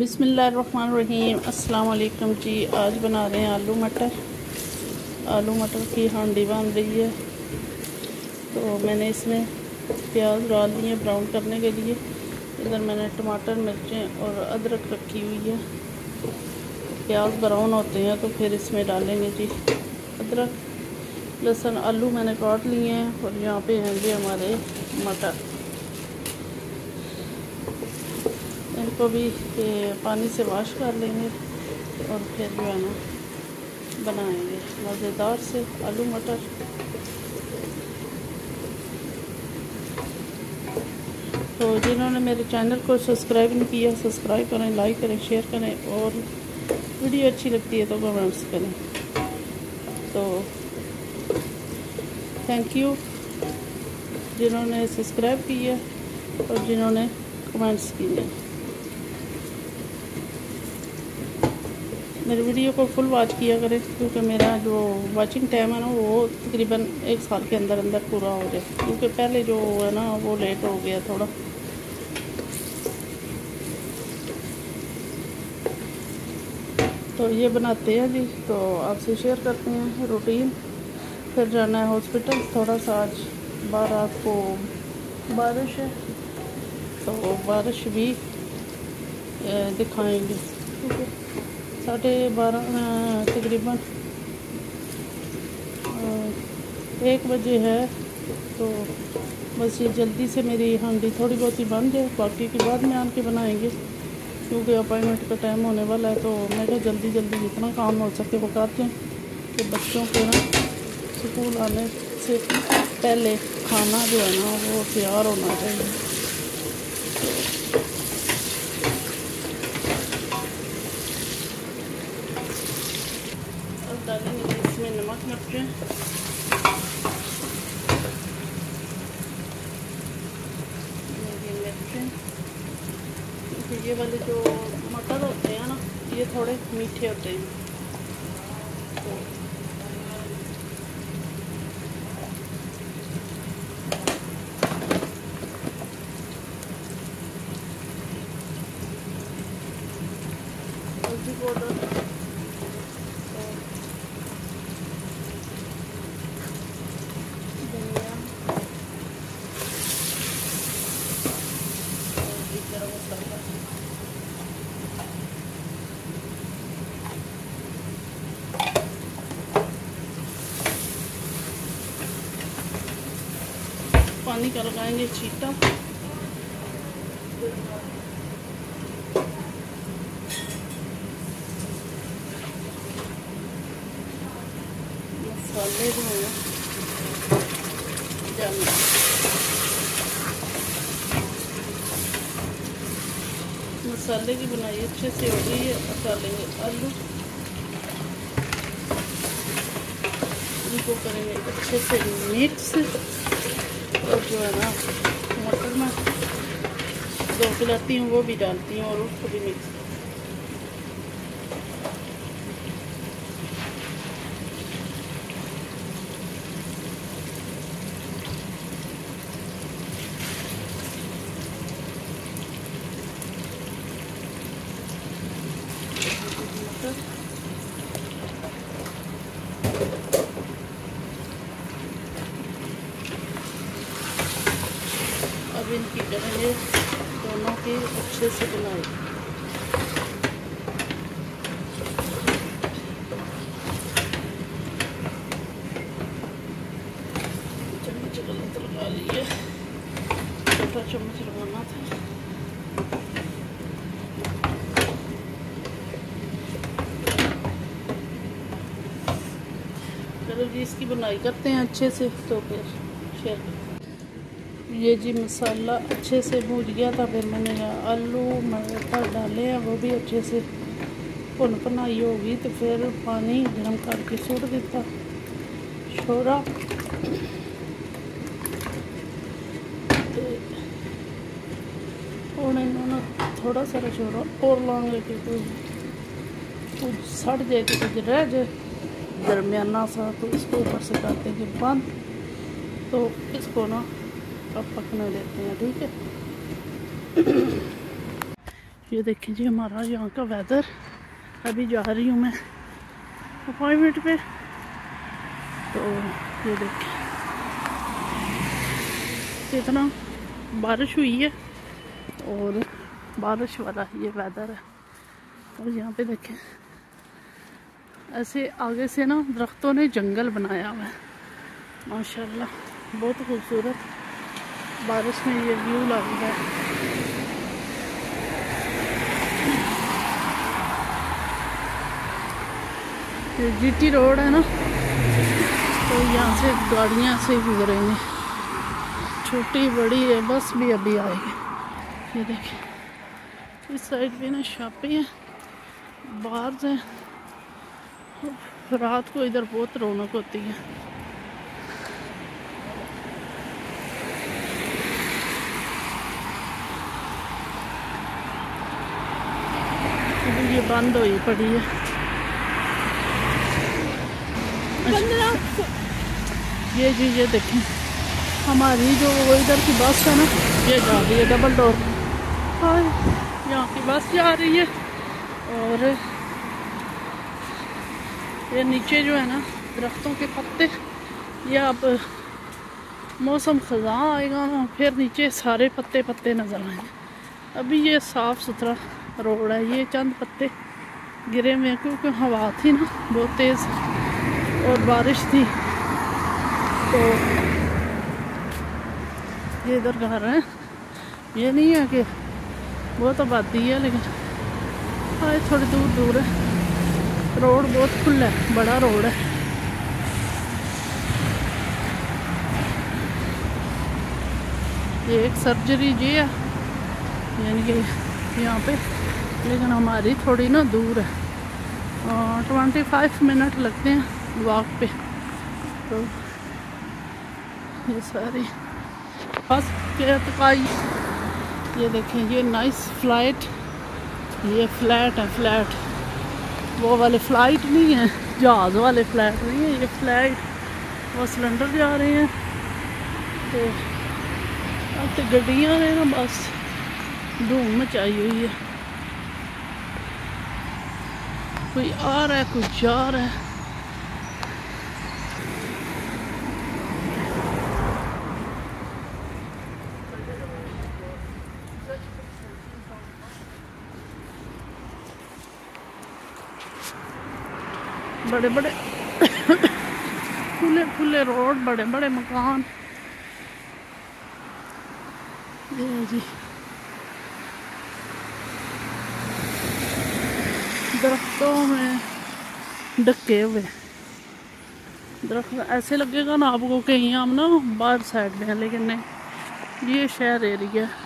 बिसमीम अल्लाम जी आज बना रहे हैं आलू मटर आलू मटर की हांडी बन रही है तो मैंने इसमें प्याज डाल दी है ब्राउन करने के लिए इधर मैंने टमाटर मिर्चें और अदरक रखी हुई है प्याज ब्राउन होते हैं तो फिर इसमें डालेंगे जी अदरक लहसुन आलू मैंने काट लिए हैं और यहाँ पे हैं जी हमारे मटर इनको भी पानी से वाश कर लेंगे और फिर जो है ना बनाएंगे मज़ेदार से आलू मटर तो जिन्होंने मेरे चैनल को सब्सक्राइब नहीं किया सब्सक्राइब करें लाइक करें शेयर करें और वीडियो अच्छी लगती है तो कमेंट्स करें तो थैंक यू जिन्होंने सब्सक्राइब किया और जिन्होंने कमेंट्स किए मेरे वीडियो को फुल वॉच किया करें क्योंकि मेरा जो वाचिंग टाइम है ना वो तकरीबन एक साल के अंदर अंदर पूरा हो जाए क्योंकि पहले जो है ना वो लेट हो गया थोड़ा तो ये बनाते हैं जी तो आपसे शेयर करते हैं रूटीन फिर जाना है हॉस्पिटल थोड़ा सा आज बार आपको बारिश है तो बारिश भी दिखाएंगे ठीक है साढ़े बारह तकरीबन एक बजे है तो बस ये जल्दी से मेरी हांडी थोड़ी बहुत ही बंद है बाकी के बाद में आन के बनाएंगे क्योंकि अपॉइंटमेंट का टाइम होने वाला है तो मैं क्या जल्दी जल्दी जितना काम हो सके वो करते हैं कि बच्चों को ना स्कूल आने से पहले खाना जो है ना वो तैयार होना चाहिए मटर तो ये वाले जो मटर होते हैं ना ये थोड़े मीठे होते हैं तो पानी का लगाएंगे छीटा मसाले जो मसाले की बनाई अच्छे से हो गई है डालेंगे आलू इनको करेंगे अच्छे से मिक्स और जो है ना मटर में दो खिलाती हूँ वो भी डालती हूँ और उसको भी मिक्स ये दोनों की अच्छे से बुलाई चम्मच लगाना था चलो जी इसकी बुनाई करते हैं अच्छे से तो फिर शेयर करते ये जी मसाला अच्छे से भूज गया था फिर मैंने आलू मटर डाले हैं वो भी अच्छे से भुन भुनाई होगी तो फिर पानी गर्म करके सुट दिता छोरा हूँ इन्होंने थोड़ा सारा छोरा और लाँगे कि कुछ सड़ जाए तो कुछ रह जाए दरमियाना सा तो इसको ऊपर से करते हैं बंद तो इसको ना अब पकने देते हैं ठीक है ये देखिए जी हमारा यहाँ का वेदर अभी जा रही हूँ मैं अपॉइंटमेंट पे तो ये देखिए इतना बारिश हुई है और बारिश वाला ये वेदर है और यहाँ पे देखें ऐसे आगे से ना दरख्तों ने जंगल बनाया हुआ है माशाल्लाह बहुत खूबसूरत बारिश में ये व्यू लग रहा है जीटी रोड है ना तो यहाँ से गाड़ियाँ से गुजरेंगे छोटी बड़ी है बस भी अभी आएगी ये देखिए इस साइड भी ना शॉपिंग है बाहर से रात को इधर बहुत रौनक होती है ये बंद हो पड़ी है अच्छा, ये जी ये देखें हमारी जो इधर की बस है ना ये जा रही है डबल डोर और यहाँ की बस जा रही है और ये नीचे जो है ना दरख्तों के पत्ते ये अब मौसम ख़जा आएगा फिर नीचे सारे पत्ते पत्ते नज़र आएंगे अभी ये साफ़ सुथरा रोड है ये चंद पत्ते गिरे हुए क्योंकि हवा थी ना बहुत तेज़ और बारिश थी तो ये इधर घर है ये नहीं है कि बहुत आबादी है लेकिन हाँ थोड़ी दूर दूर है रोड बहुत खुला है बड़ा रोड है ये एक सर्जरी जी है यानी कि यहाँ पे लेकिन हमारी थोड़ी ना दूर है ट्वेंटी फाइव मिनट लगते हैं वॉक पे तो ये सारी बस के ये देखें ये नाइस फ्लाइट ये फ्लैट है फ्लैट वो वाले फ्लाइट नहीं है जहाज़ वाले फ्लैट नहीं है ये फ्लाइट वो सिलेंडर जा रहे हैं तो अब तो गड्डियाँ हैं ना बस धूम मचाई हुई है कोई आ रहा है कोई जा रहा है बड़े बड़े खुले खुले रोड बड़े बड़े मकान जी दरख्तों में ढके हुए दरख्त ऐसे लगेगा ना आपको कहीं हम ना बाहर साइड में हैं लेकिन नहीं ये शहर एरिया है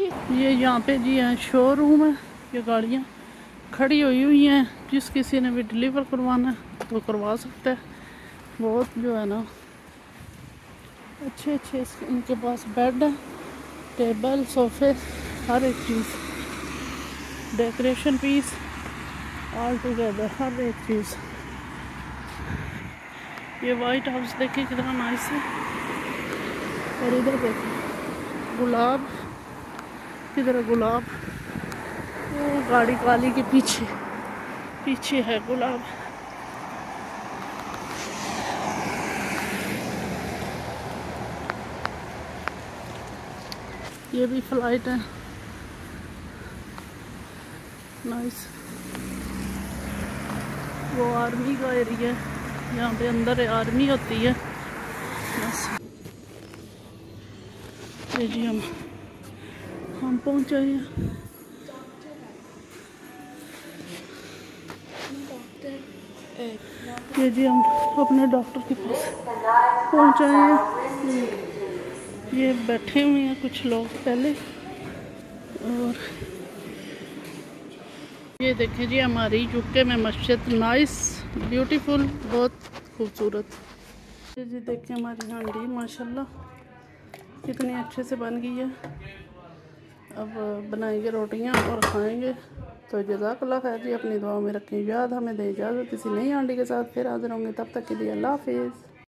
ये यहाँ पे जी है शोरूम है ये गाड़ियाँ खड़ी हुई हुई हैं जिस किसी ने भी डिलीवर करवाना है तो करवा सकता है बहुत जो है ना अच्छे अच्छे इनके पास बेड है टेबल सोफे हर एक चीज़ डेकोरेशन पीस ऑल टुगेदर हर एक चीज़ ये वाइट हाउस देखिए कितना नाइस है और इधर देखिए गुलाब किधर है गुलाब वो गाड़ी काली के पीछे पीछे है गुलाब ये भी फ्लाइट है नाइस वो आर्मी का एरिया है यहाँ पे अंदर आर्मी होती है बस जी हम हम पहुँच रहे हैं ये जी हम अपने डॉक्टर के पास पहुँच रहे हैं ये बैठे हुए हैं कुछ लोग पहले और ये देखिए जी हमारी यूके में मस्जिद नाइस ब्यूटीफुल बहुत खूबसूरत ये जी देखिए हमारी हांडी माशाल्लाह कितनी अच्छे से बन गई है अब बनाएंगे रोटियाँ और खाएंगे तो जजाकल्ला खैर जी अपनी दुआ में रखें याद हमें दें इजाज़त किसी नई आंटी के साथ फिर हाजिर होंगे तब तक के लिए अल्लाह हाफिज़